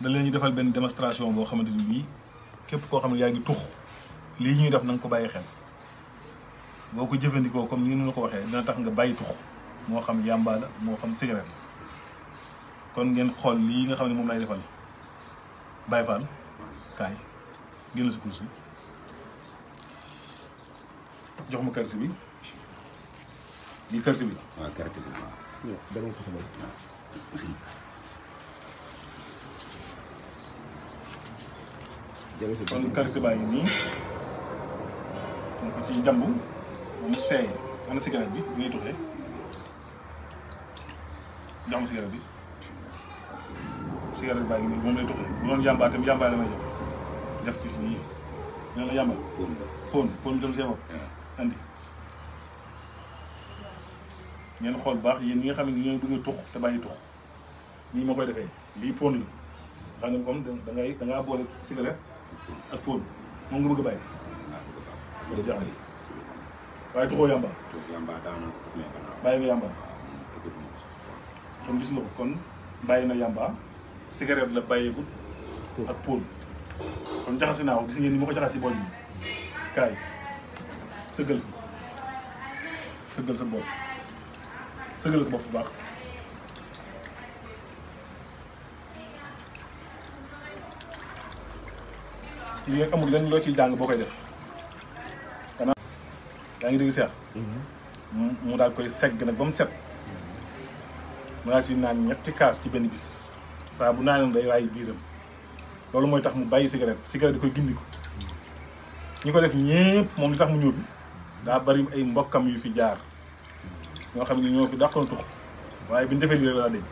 da leen defal benn démonstration boo xamante ni bii képp koo xam ne yaa ngi tux lii ñuy def na nga ko bàyyi xel boo ko jëfandikoo comme ni ñu ko waxee dina tax nga bàyyi tux moo xam yàmba moo xam cigarette kon ngeen xool lii nga xam ne moom lay defal Baye Fall kaay génn si kursi jox ma carte bi lii carte bi. kon kër xibaar yi nii ñu ko ci jàmbu mu seey ana cigarette bi bi ngay tuxee jox ma cigarette bi cigarette baa ngi nii moom lay tuxee bu doon yàmbaa tam yàmbaa la may jox def ci nii ñoo la yàmbal pon pon pon tam see bopp andi ngeen xool baax yéen ñi nga xam ne ñooy bëgg a tux te bàyyi tux nii ma koy defee lii pon la xam nga comme da ngay da ngaa boole cigarette ak Poul moom nga bëgg a bàyyi. waaye tuxoo yamba. bàyyi nga yamba. Mm, kon gis nga kon bàyyi na yamba cigarette la bàyyeekut ak Poul kon jaxase naa ko gis ngeen ni ma ko jaxase bool yi kaay sëggal sëggal sa bopp sëggal sa bopp bu baax. Iya, lii rek amul lenn loo ciy jàng boo koy def xanaa yaa ngi dégg seex mu mhm. hmm, daal koy segg nag ba mu set mu daal ci naan ñetti kaas ci benn bis saa bu naanee day raay biiram loolu mooy tax mu bàyyi cigarette cigarette di koy gindi ko ñi ko def ñépp moom li tax mu ñëw bi daa bari ay mbokkam yu fi jaar ñoo xam ne ñoo fi dàqoon tux waaye bi ñu defee lii rek laa dégg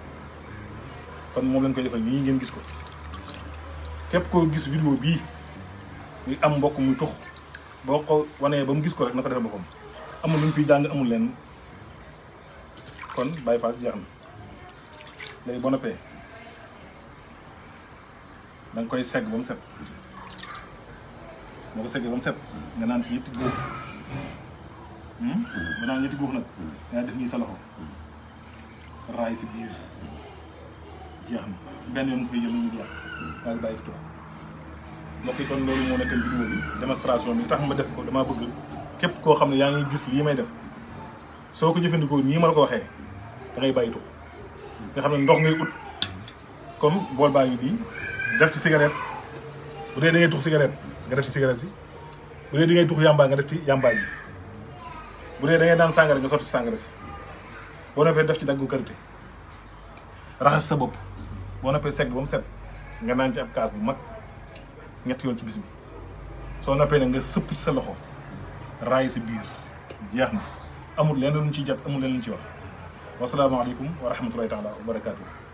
kon moom lañ koy defal nii ngeen gis ko képp koo gis vidéo bii ñu am mbokk mu tux boo ko wanee ba mu gis ko rek na ko defee boppam amul lu ñu fiy jàng amul leen kon Baye Fall jeex na léegi boo noppee da koy segg ba mu set boo nga naan ci ñetti góob hmm? nga naan ñetti góob nag nga def nii sa loxo raay si biir jeex na benn yoon koy jël ñu jeex tux mbokk yi kon loolu moo nekk vidéo bi démonstration bi tax ma def ko damaa bëgg képp koo xam ne yaa ngi gis lii may def soo ko jëfandikoo ñii ma la ko waxee da ngay bàyyi tux nga xam ne ndox ngay ut comme bool baa ngi nii def ci cigarette bu dee da ngay tux cigarette nga def ci cigarette si bu dee da tux yàmbaa nga def ci yàmbaa yi bu dee da ngay daan sàngara nga sotti sàngara si boo noppee def ci daggu karité raxas sa bopp boo noppee segg ba mu set nga naan ci ab mag ñett yoon ci bis soo nappee nag nga sëpp ci sa loxo raay sa biir jeex na amul leen lu ñu ciy jàpp amul leen lu ñu ci wax wasalaamaaleykum wa rahmatulahi taala wa barakaatu.